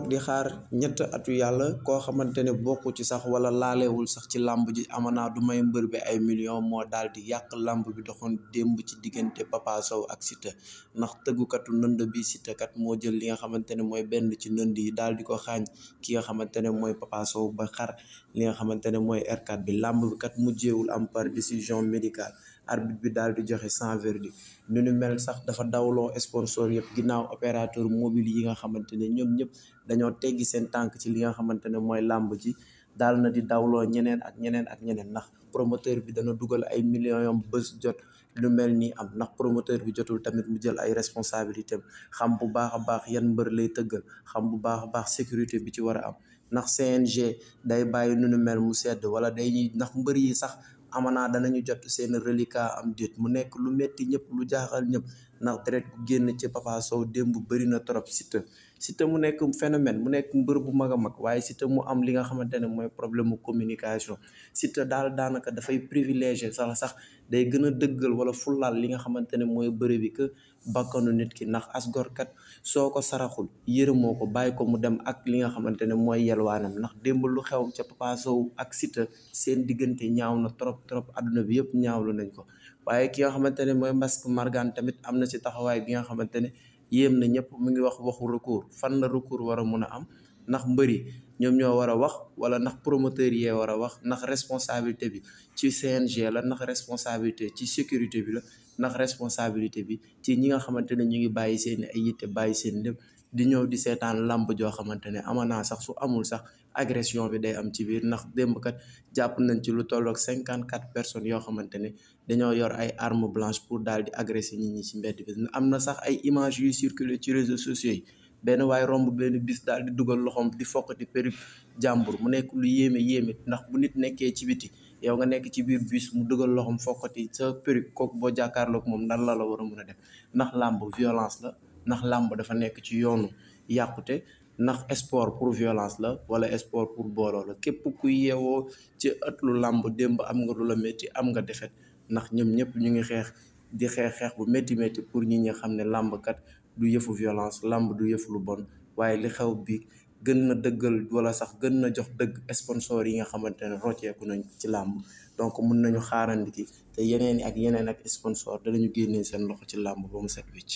tok di xaar ñett atu yalla ko xamantene bokku ci sax wala laalewul sax ci lamb ji amana du may mbeur bi ay million mo daldi yak lamb bi doxon demb ci diggante Papa saw ak nak teggu katu nënd bi sita kat mo jël li nga xamantene moy ben ci nënd yi daldi ko xagn ki nga xamantene moy Papa saw ba xar li nga xamantene moy R4 bi lamb bi kat mujjeewul am par décision médicale arbitre bi dal di joxe sans verdict ñu ñu mel sax dafa dawlo sponsor yëpp ginnaaw opérateur mobile yi nga xamante ñom ñëpp dañu téggi sentang tank ci li nga xamantene moy lamb ci dal na di dawlo ñeneen ak ñeneen ak ñeneen ndax promoteur bi dañu dugal ay millions yom bëss jot lu melni am nak promoteur bi jotul tamit mu jël ay responsabilité xam bu baax baax yan mbeur lay teugal xam bu baax baax sécurité bi ci wara am ndax CNG day bayyi nu nu mel mu sedd wala day ñi ndax mbeur yi sax amana danañu jot seen am deet mu nekk lu metti ñepp lu jaaxal ñepp ndax deret gu génn ci Papa Sow démb bëri na trop Siteu Siteu mu nekk phénomène mu nekk mbër bu mag a mag waaye Siteu mu am li nga xamante ne mooy problème mu communication Siteu daal daanaka dafay privilégié sax sax day gën a dëggal wala fulaal li nga xamante ne mooy bëri bi que nit ki ndax asgorkat soo ko saraxul yërëmoo ko bàyyi ko mu dem ak li nga xamante ne mooy yelwaanam ndax démb lu xew ca Papa ak Siteu seen diggante ñaaw na trop trop adduna bi yëpp ñaawlu nañ ko waaye ki nga xamante mooy Masque Margan tamit am na ci taxawaay bi nga xamante ne yéem na ñëpp mu ngi wax waxu recours fan la recours war a mun a am ndax mbëri ñoom ñoo war a wax wala ndax promoteur yee war a wax ndax responsabilité bi ci CNG la ndax responsabilité ci sécurité bi la ndax responsabilité bi ci ñi nga xamante ne ñu ngi bàyyi seen ay yitte bàyyi seen lépp di ñëw di seetaan làmb joo xamante ne amanaa sax su amul sax agression bi day am ci biir ndax démb kat jàpp nañ ci lu tolloog cinquante quatre personnes yoo xamante ne dañoo yor ay arme blanche pour daal di agressé nit ñi ci mbedd bi am na sax ay images yu circulé ci réseaux sociaux yi benn waaye romb benn bis daal di dugal loxoom di fokkati périg jàmbur mu nekk lu yéeme yéeme ndax bu nit nekkee ci biti yow nga nekk ci biir bis mu dugal loxoom fokkati sa périg kooku boo jàkkaarloog moom nan la la war a mën a def ndax làmb violence la ndax làmb dafa nekk ci yoonu yàqute ndax sport pour violence la wala sport pour booloo la képp ku yeewoo ci ëtlu làmb démb am nga lu métti am nga defet ndax ñoom ñëpp ñu ngi xeex di xeex xeex bu métti pour ñi nga xam ne làmb du yëfu làmb du yëfu bon waaye li xew bi gën na dëggal wala sax gën na jox dëgg sponsor yi nga xamante ne rocceeku nañ ci làmb donc mun nañu xaarandiki te yeneen ak yeneen ak sponsor danañu génnee seen loxo ci làmb ba mu set wecc